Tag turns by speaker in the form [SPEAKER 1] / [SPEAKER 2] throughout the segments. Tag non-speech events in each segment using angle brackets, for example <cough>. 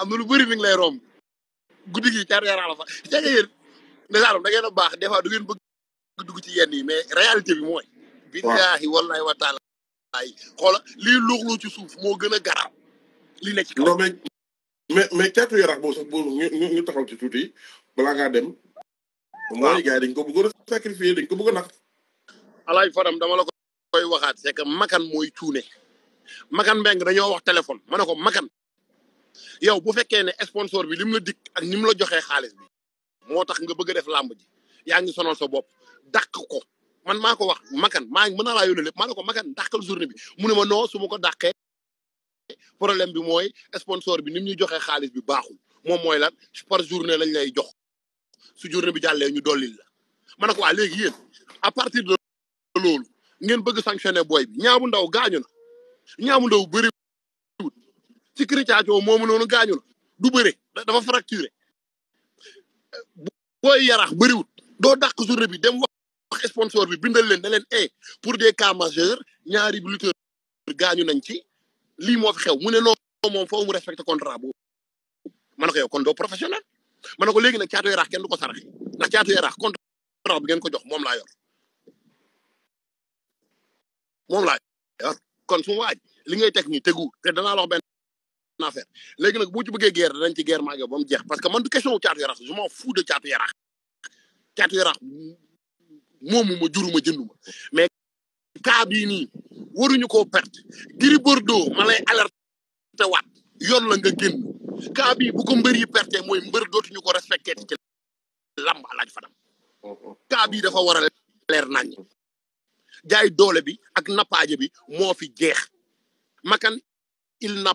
[SPEAKER 1] am na lu bëri mi ngi lay romb guddi gi car yaraa la fa c'est que yéen ndeysaan da ngeen a baax des fois bëgg dugg ci yenn yi mais réalité bi mooy billaahi wallahi wa
[SPEAKER 2] taala xoola lii luuxlu ci suuf moo gën a garaaw li ne ci kaw mais mais mais caatu yarax boobu sax boobu ñu ñu ci tuuti balaa ngaa dem mooy gars yi dañ ko bëggoon a sacrifier dañ ko bëgg a nax alaaj faram dama la koy waxaat
[SPEAKER 1] c'est que makan mooy cuune makan mbeng dañoo wax téléphone ma ne ko makan yow bu fekkee ne sponsor bi li mu la dikk ak ni mu la joxee xaalis bi moo tax nga bëgg def làmb ji yaa ngi sonal sa bopp daq ko man maa ko wax makan maa mën a laa yónnee lépp maa ne ko makan dàqal journée bi mu ne ma noo su ma ko dàqee problème bi mooy sponsor bi ni mu ñuy joxee xaalis bi baaxul moom mooy lan par journée lañ lay jox su journée bi jàllee ñu dollil la ma ne ko waa léegi yéen à partir de loolu ngeen bëgg sanctionné booy bi ñaamu ndaw gaañu na ñaamu ndaw ci kër caacoo moomu noonu gaañu na du bëre dafa fracturé booy yarax bëriwut doo dàq journée bi dem wax sponsor bi bindal leen da leen eh, pour des cas majeurs ñaari lutteur gaañu nañ ci lii moo fi xew mu ne non moom foofu mu respecté contrat boobu ma ne ko yow kon doo professionnel ma ne ko léegi nag caatu yaraax kenn du ko saraxe ndax caatu yaraax contrat bi ngeen ko jox moom laa yor moom laa yor kon su ma waaj li ngay teg nii te danaa la wax affaire léegi nag boo ci bëggee guerre dañ ci guerre maa ngi ba mu jeex parce que man du question caatu yarax je m'en fous de caatu yarax caatu yarax moomu ma juruma jënduma mais cas bii nii waruñu koo perte Gris Bordeaux ma lay alerté waat yoon la nga génn cas bii bu ko mbër yi perte mooy mbër dootuñu ko respecté ci làmb alaaj fadam cas bii dafa war a leer nañ jaay doole bi ak nappaaje bi moo fi jeex makan il n'a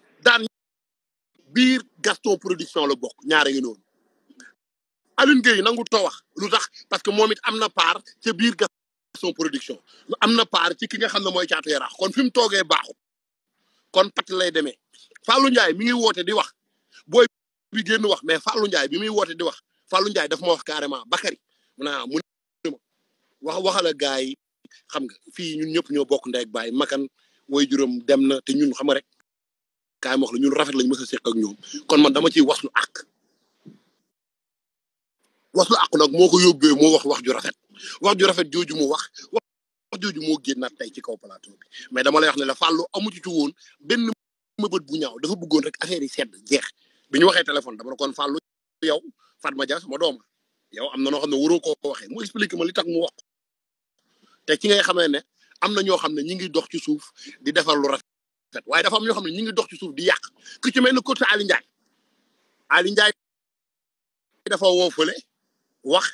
[SPEAKER 1] biir Gaston production la bokk ñaare ngi noonu Alioune Gueye nangu too wax lu tax parce que moom it am na part ca biir Gaston production am na part ci ki nga xam ne mooy caatu yaraax kon fi mu toogee baaxu kon pat lay demee Fallou Ndiaye mi ngi woote di wax booy bi génn wax mais Fallou njaay bi muy woote di wax Fallou njaay daf ma wax carrément Bakary mu naa ah, mu ne waxala gars yi xam nga fii ñun ñëpp ñoo bokk ndey ak baay makan woy juróom dem na te ñun xam nga rek kay ma wax la ñun rafet lañu mësa sékk ak ñoom kon man dama ci waslu ak waslu ak nak moko yobbe mo wax wax ju rafet wax ju rafet joju mu wax wax jooju moo génnaat tay ci kaw plateau bi mais dama lay wax ne la fallu amu ci ci woon benn mëbët bu ñaaw dafa bëggoon rek affaire yi sedd jeex biñu ñu téléphone dama kon fallu yow Fatma dias sama dooma yow amna no xamne xam ko waroo mu expliquer ma li tax mu wax te ci ngay xamé ne amna ño ñoo ñi ngi dox ci suuf di defar lu rafet waaye dafa am ñoo xam ne ñu ngi dox ci suuf di yàq ku ci mel ne côté Ali Ndiaye dafa woo wax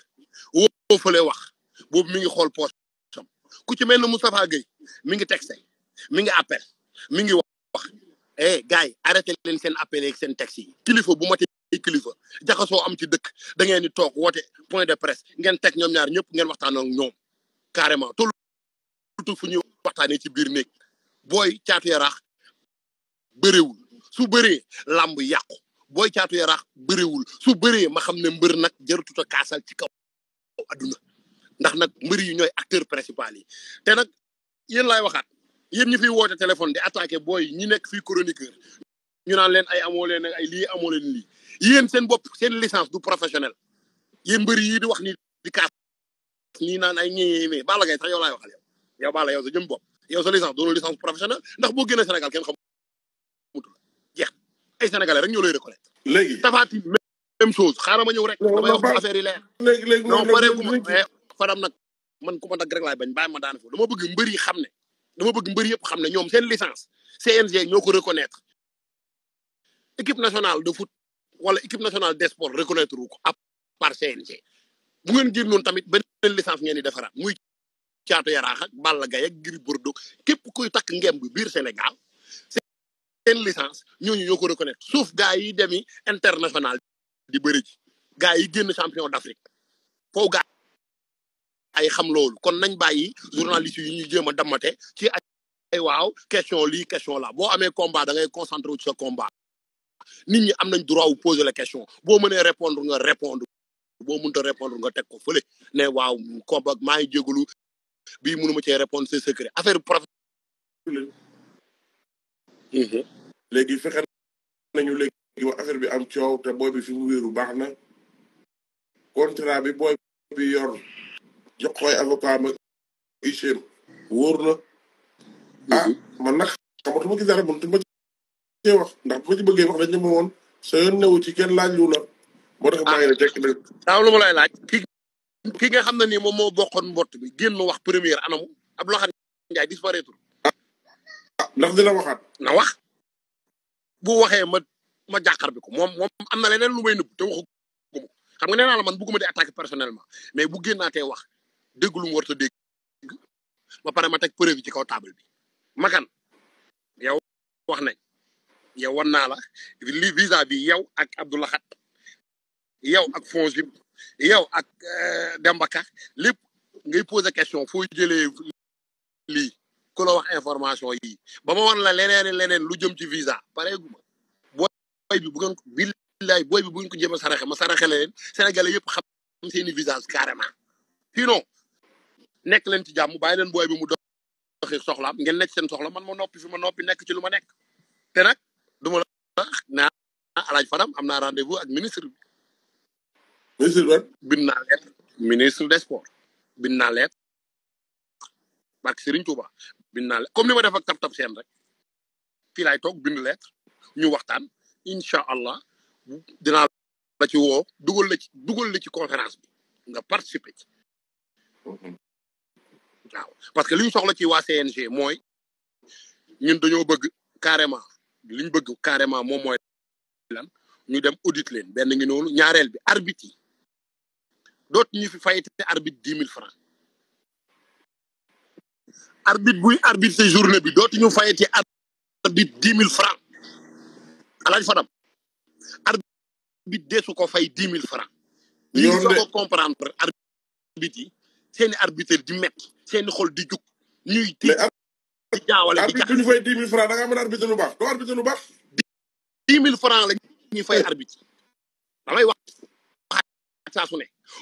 [SPEAKER 1] woo wax boobu mi ngi xool poche ku ci mel ne Moustapha Gueye mi ngi texte mi ngi appel mi ngi wax eh gars yi arrêté leen seen appel ak seen texte yi. kilifa bu matee kilifa jaxasoo am ci dëkk da ngeen di toog woote point de presse ngeen teg ñoom ñaar ñëpp ngeen waxtaan ak ñoom carrément tollu fu ñu waxtaanee ci biir néeg booy caatu yaraax bëréwul su bëree làmb yàqu booy caatu yaraax bëréwul su bëree ma xam ne mbër nag jërëtut a kaasal ci kaw adduna ndax nag mbër yi ñooy acteur principal yi te nag yen laay waxaat yéen ñi fiy woote téléphone di attaqué booy ñi nekk fii chroniqueur ñu naan leen ay amoo leen ay lii amoo leen lii yéen seen bopp seen licence du professionnel yéen mbër yi di wax ni di kaas nii naan ay ñeñeñee Balla Gaye sax yow laay waxal yow yow Balla yow ndax boo génnee ay sénégalais rek ñoo lay reconnaître. léegi tafaati même chose ma ñëw rek. dama wax affaire yi leer.
[SPEAKER 2] léegi léegi non pareeguma eh,
[SPEAKER 1] mais man ku ma dagg rek laay bañ bàyyi ma daan foofu dama bëgg mbër yi xam ne dama bëgg mbër yëpp xam ne ñoom seen licence CNG ñoo ko reconnaître équipe nationale de foot wala équipe nationale des sports reconnaître wu ko à part CNG. bu ngeen génnoon tamit beneen licence ngeen di defaraat muy caatu yaraax ak Balla Gaye ak Gris Bordeaux képp kuy takk ngemb biir Sénégal. seen licence ñooñu ñoo ko reconnaître sauf gars yi demi international di bëri demi yi génn champion d'Afrique foo gars ay xam loolu kon nañ bàyyi journaliste yi ñu jéem a dammate ci ay question li, question la boo amee combat da ngay concentré wu ci combat nit ñi am nañ droit wu poser la question boo mënee répondre nga répondre boo mënta répondre nga teg ko fële ne waaw combat maa ngi jégalu bii mënuma cee répondre c'est secret affaire
[SPEAKER 2] professionnelle mhm. léegi fexe nañu léegi bi am coow te booy bi fi mu wéeru baax na contrat bi booy bi yor jox koy avocat ma ichén wóor na ah mhm. man nag xamatuma ci dara mëntu ma cee wax ndax bu ma ci bëggee wax dañ ne ma woon sa yoon newu ci kenn laaj lu la moo tax maa ngi la ah. jekk nag daaw lu ma lay laaj
[SPEAKER 1] ki nga xam ne nii moom moo bokkoon mbott bi génn wax première anamu ab loxan njaay disparaître ah, ah ndax dina waxaat na wax bu waxee ma ma jàkkaar bi ko moom moom am na leneen lu may te waxu xam nga nee la man bugguma di attaquer personnellement mais bu génnaatee wax dégg lu mu war a dégg ba pare ma teg preuve ci kaw table bi. Makan yow wax nañ yow wan naa la li visa bi yow ak Abdoulaye Khat yow ak Fons bi yow ak euh, Demba Ka lépp ngay poser question foo jëlee ku la information yi ba ma wan la leneen leneen lu jëm ci visa pareeguma booy bi bu ngeen ko billaay booy bi bu ngeen ko jëm a saraxe ma saraxe leen sénégalais yëpp xam seeni visage carrément sinon nekk leen ci jàmm bàyyi leen booy bi mu doxi soxlaam ngeen nekk seen soxla man ma noppi fi ma noppi nekk ci lu ma nekk te nag duma la naa alaaj Fadam am naa rendez-vous ak ministre bi ministre bi bind naa lettre ministre des sports bind naa lettre barke bind naa comme ni ma def ak tab tab seen rek fii laay toog bind lettre ñu waxtaan incha allah dina la ci woo dugal la ci dugal la ci conférence bi nga participer ci. waaw parce que li ñu soxla ci waa CNG mooy ñun dañoo bëgg carrément li ñu bëgg carrément moom mooy lan ñu dem audit leen benn ngi noonu ñaareel bi arbitre yi dootu ñu fi fayte arbitre dix mille francs arbitre buy arbitre journée bi dootuñu fayati arbitre dix mille francs alaaj Fadam arbitre ko fay dix mille francs li soo ko comprendre seeni arbitre di mett seeni xol di jug ñuy ti di jaawale di jaxase arbitre bu ñu fay dix mille francs da ngaa arbitre lu baax doo arbitre lu baax dix mille francs la ñuy fay arbitre damay wax saa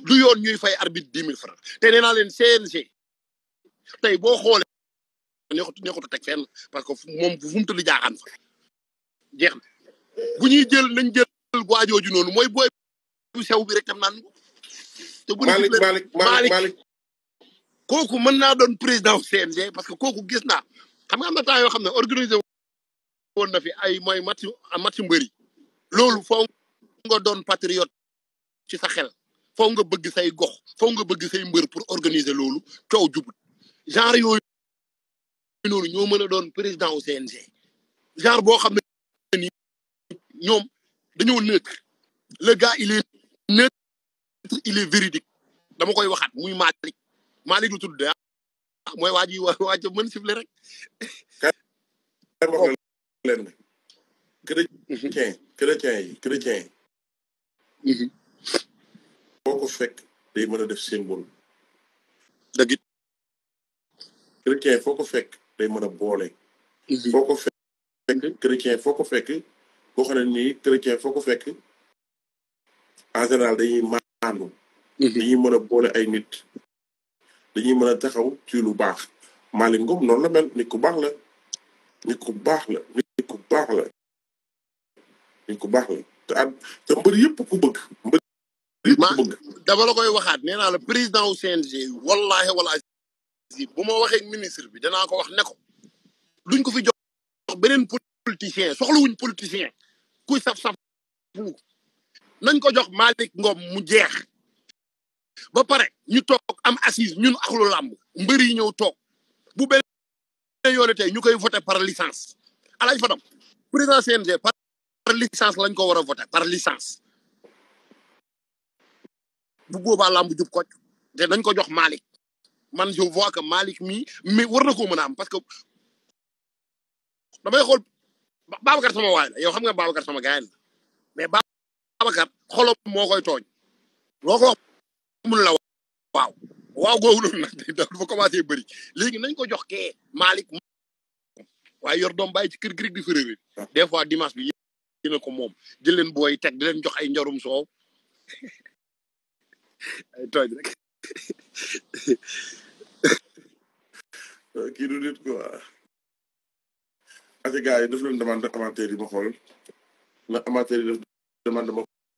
[SPEAKER 1] du yoon ñuy fay arbitre dix mille francs te nee naa leen CNG tey boo xoolee neexut neexut a teg fenn parce que moom fu mu tëdd jaaxaan fa jeex na bu ñuy jël nañ jël waajooju noonu mooy booy bu sew bi rek tam naan kooku mën naa doon président CNG parce que kooku gis naa xam nga na temps yoo xam ne organisé woon na fi ay mooy match ah, match mbëri loolu foo nga doon patriote ci sa xel foo nga bëgg say gox foo nga bëgg say mbër pour organiser loolu coow jubut genre yooyu noonu ñoo mën a doon président au CNG genre boo xam ne ni ñoom dañoo neutre le gars il est véridique dama koy waxaat muy Malick Malick lu tudd ah mooy waa ji waa ji mën sifle rek
[SPEAKER 2] wax leen chrétien chrétien yi mhm. ko fekk day mën a def symbole dëgg chrétien foo ko fekk day mën a boole. foo ko fekk chrétien foo ko fekk boo xam ne nii chrétien foo ko fekk en général dañuy maandu. dañuy mën a boole ay nit. dañuy mën a taxaw ci lu baax. Malick Ngom noonu la mel ni ku baax la. ku baax la nit ku baax la. nit ku te at te yëpp ku bëgg. mbër
[SPEAKER 1] yëpp ku bëgg. dama koy waxaat nee la président wu CNG wallaahi wala jii bu ma waxee ministre bi danaa ko wax ne ko duñ ko fi jox beneen politicien soxlawuñ politicien kuy saf-saf nañ ko jox Malick Ngom mu jeex ba pare ñu toog am assise ñun ak lu làmb mbër yi ñëw toog bu beneen yoone te ñu koy voté par licence alaaj Fadam président CNG par licence lañ ko war a voté par licence bu boobaa làmb jub ko te nañ ko jox Malick man je vois que Malick mii mais war na koo mën a am parce que damay xool Babacar sama waay yow xam nga Babacar sama gaay mais mais Babacar xolo moo koy tooñ loo ko wax mun la waaw waaw googu noonu nag <laughs> dafa léegi nañ ko jox kee Malick waaye yor doom bàyyi ci kër gi di fi réwé des fois dimanche bi yéen ko moom jël leen booy teg di leen jox ay njarum soow <laughs> ay
[SPEAKER 2] <laughs> Euh, kii du nit quoi. parce que gars yi daf leen demande amateur yi ma xool na amateur yi daf demande